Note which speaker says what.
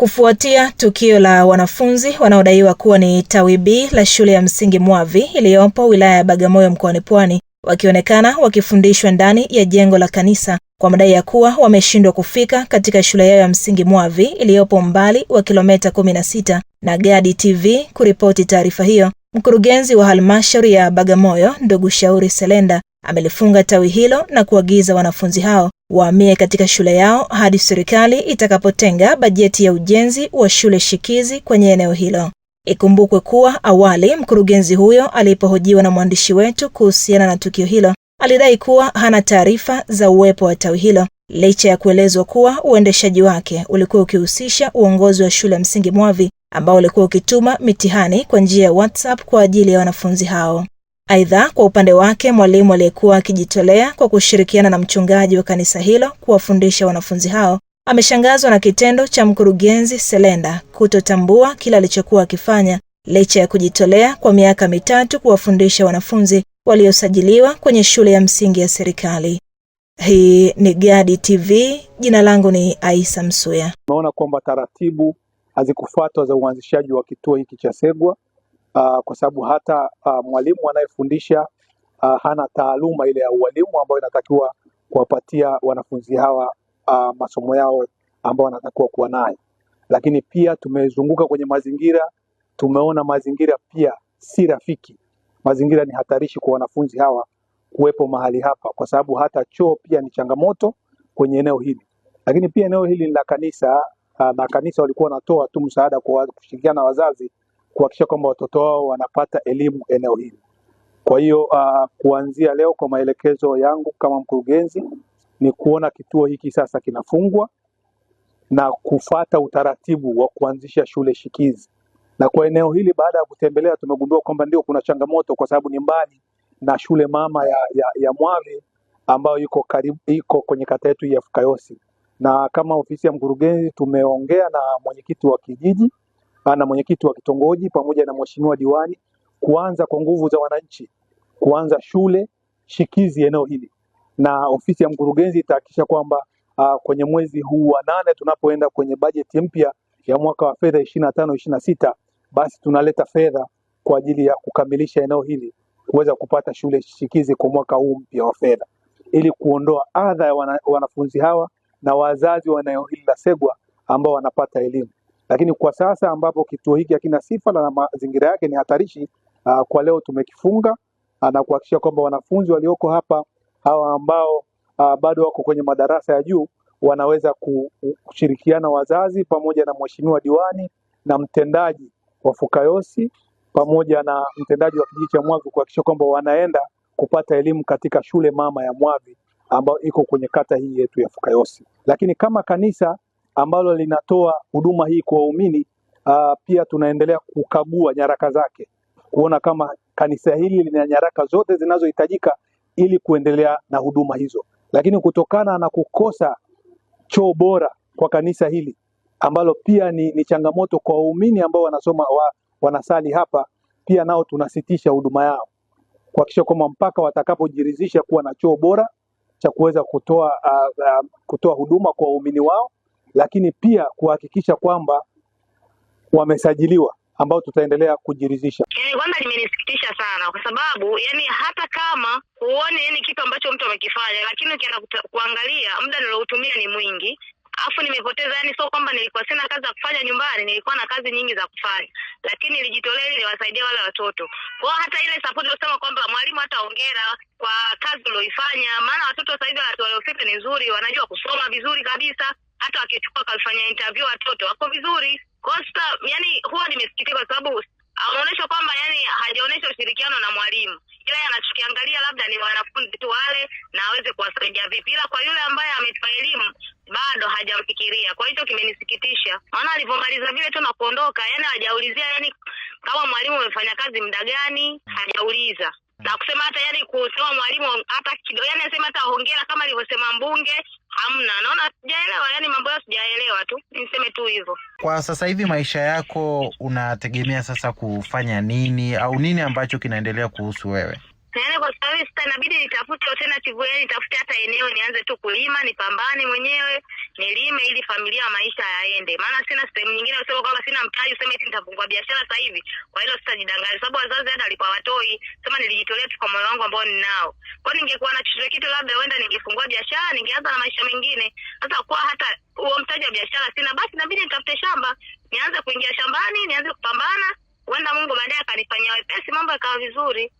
Speaker 1: Kufuatia tukio la wanafunzi wanaodaiwa kuwa ni tawi B la shule ya msingi Mwavi iliyopo wilaya ya Bagamoyo mkoani Pwani wakionekana wakifundishwa ndani ya jengo la kanisa kwa madai ya kuwa wameshindwa kufika katika shule yao ya msingi Mwavi iliyopo umbali wa kilomita 16 na Gadi TV kuripoti taarifa hiyo, mkurugenzi wa halmashauri ya Bagamoyo ndugu Shauri Selenda amelifunga tawi hilo na kuagiza wanafunzi hao wahamie katika shule yao hadi serikali itakapotenga bajeti ya ujenzi wa shule shikizi kwenye eneo hilo. Ikumbukwe kuwa awali mkurugenzi huyo alipohojiwa na mwandishi wetu kuhusiana na tukio hilo alidai kuwa hana taarifa za uwepo wa tawi hilo licha ya kuelezwa kuwa uendeshaji wake ulikuwa ukihusisha uongozi wa shule ya msingi Mwavi ambao ulikuwa ukituma mitihani kwa njia ya WhatsApp kwa ajili ya wanafunzi hao. Aidha, kwa upande wake mwalimu aliyekuwa akijitolea kwa kushirikiana na mchungaji wa kanisa hilo kuwafundisha wanafunzi hao ameshangazwa na kitendo cha mkurugenzi Selenda kutotambua kile alichokuwa akifanya licha ya kujitolea kwa miaka mitatu kuwafundisha wanafunzi waliosajiliwa kwenye shule ya msingi ya serikali. Hii ni Gadi TV, jina langu ni Aisa Msuya.
Speaker 2: Tumeona kwamba taratibu hazikufuatwa za uanzishaji wa kituo hiki cha Segwa uh, kwa sababu hata uh, mwalimu anayefundisha uh, hana taaluma ile ya ualimu ambayo inatakiwa kuwapatia wanafunzi hawa uh, masomo yao ambao wanatakiwa kuwa nayo. Lakini pia tumezunguka kwenye mazingira, tumeona mazingira pia si rafiki, mazingira ni hatarishi kwa wanafunzi hawa kuwepo mahali hapa, kwa sababu hata choo pia ni changamoto kwenye eneo hili. Lakini pia eneo hili ni la kanisa na kanisa walikuwa wanatoa tu msaada kwa kushirikiana na wazazi kuhakikisha kwamba watoto wao wanapata elimu eneo hili. Kwa hiyo uh, kuanzia leo kwa maelekezo yangu kama mkurugenzi ni kuona kituo hiki sasa kinafungwa na kufata utaratibu wa kuanzisha shule shikizi. Na kwa eneo hili baada ya kutembelea, tumegundua kwamba ndio kuna changamoto kwa sababu ni mbali na shule mama ya, ya, ya Mwave ambayo iko karibu, iko kwenye kata yetu ya Fukayosi, na kama ofisi ya mkurugenzi tumeongea na mwenyekiti wa kijiji na mwenyekiti wa kitongoji pamoja na mheshimiwa diwani kuanza kwa nguvu za wananchi kuanza shule shikizi eneo hili, na ofisi ya mkurugenzi itahakikisha kwamba uh, kwenye mwezi huu wa nane tunapoenda kwenye bajeti mpya ya mwaka wa fedha ishirini na tano ishirini na sita basi tunaleta fedha kwa ajili ya kukamilisha eneo hili kuweza kupata shule shikizi kwa mwaka huu mpya wa fedha ili kuondoa adha ya wana, wanafunzi hawa na wazazi wa eneo hili la Segwa ambao wanapata elimu lakini kwa sasa ambapo kituo hiki hakina sifa na mazingira yake ni hatarishi, uh, kwa leo tumekifunga ah, na kuhakikisha kwamba wanafunzi walioko hapa hawa ambao uh, bado wako kwenye madarasa ya juu wanaweza kushirikiana wazazi pamoja na mheshimiwa diwani na mtendaji wa Fukayosi pamoja na mtendaji wa kijiji cha Mwavi kuhakikisha kwamba wanaenda kupata elimu katika shule mama ya Mwavi ambayo iko kwenye kata hii yetu ya Fukayosi. Lakini kama kanisa ambalo linatoa huduma hii kwa waumini. Uh, pia tunaendelea kukagua nyaraka zake kuona kama kanisa hili lina nyaraka zote zinazohitajika ili kuendelea na huduma hizo, lakini kutokana na kukosa choo bora kwa kanisa hili ambalo pia ni, ni changamoto kwa waumini ambao wanasoma wa, wanasali hapa, pia nao tunasitisha huduma yao kuhakikisha kwamba mpaka watakapojiridhisha kuwa na choo bora cha kuweza kutoa uh, uh, kutoa huduma kwa waumini wao lakini pia kuhakikisha kwamba wamesajiliwa ambao tutaendelea kujiridhisha.
Speaker 3: Yaani kwanza limenisikitisha sana kwa sababu yani hata kama huone yani kitu ambacho mtu amekifanya, lakini ukienda kuangalia muda niloutumia ni mwingi, afu nimepoteza yani, sio kwamba nilikuwa sina kazi za kufanya nyumbani, nilikuwa na kazi nyingi za kufanya, lakini nilijitolea ili niwasaidie wale watoto. kwao. hata ile support kusema kwamba mwalimu, hata ongera kwa kazi ulioifanya, maana watoto sasa hivi waliofika ni nzuri, wanajua kusoma vizuri kabisa hata wakichukua kafanya interview watoto wako vizuri. kosta yani huwa nimesikitika kwa sababu ameonyesha kwamba yani hajaonyesha ushirikiano na mwalimu, ila anachokiangalia labda ni wanafunzi tu wale na aweze kuwasaidia vipi, ila kwa yule ambaye ametoa elimu bado hajamfikiria. Kwa hicho kimenisikitisha, maana alivyomaliza vile tu na kuondoka, yani hajaulizia yani kama mwalimu amefanya kazi muda gani, hajauliza na kusema hata yani kusema mwalimu hata kidogo, yani anasema hata hongera kama alivyosema mbunge hamna. Naona sijaelewa, yani mambo yao sijaelewa tu, niseme tu hivyo.
Speaker 4: Kwa sasa hivi maisha yako unategemea sasa kufanya nini au nini ambacho kinaendelea kuhusu wewe?
Speaker 3: Yani kwa sasa hivi sasa inabidi nitafute alternative, yani nitafute hata eneo nianze tu kulima, nipambane mwenyewe nilime, ili familia maisha yaende, maana sina sehemu nyingine, usema kwamba sina mtaji, useme nitafungua biashara sasa hivi. Kwa hilo sitajidanganya, sababu wazazi hata watoi sema, nilijitolea tu kwa moyo wangu ambao ninao. Kwa ningekuwa na chochote kitu, labda huenda ningefungua biashara, ningeanza na maisha mengine. Sasa kwa hata huo mtaji wa biashara sina, basi nabidi nitafute shamba, nianze kuingia shambani, nianze kupambana. Huenda Mungu baadaye akanifanyia wepesi, mambo yakawa vizuri.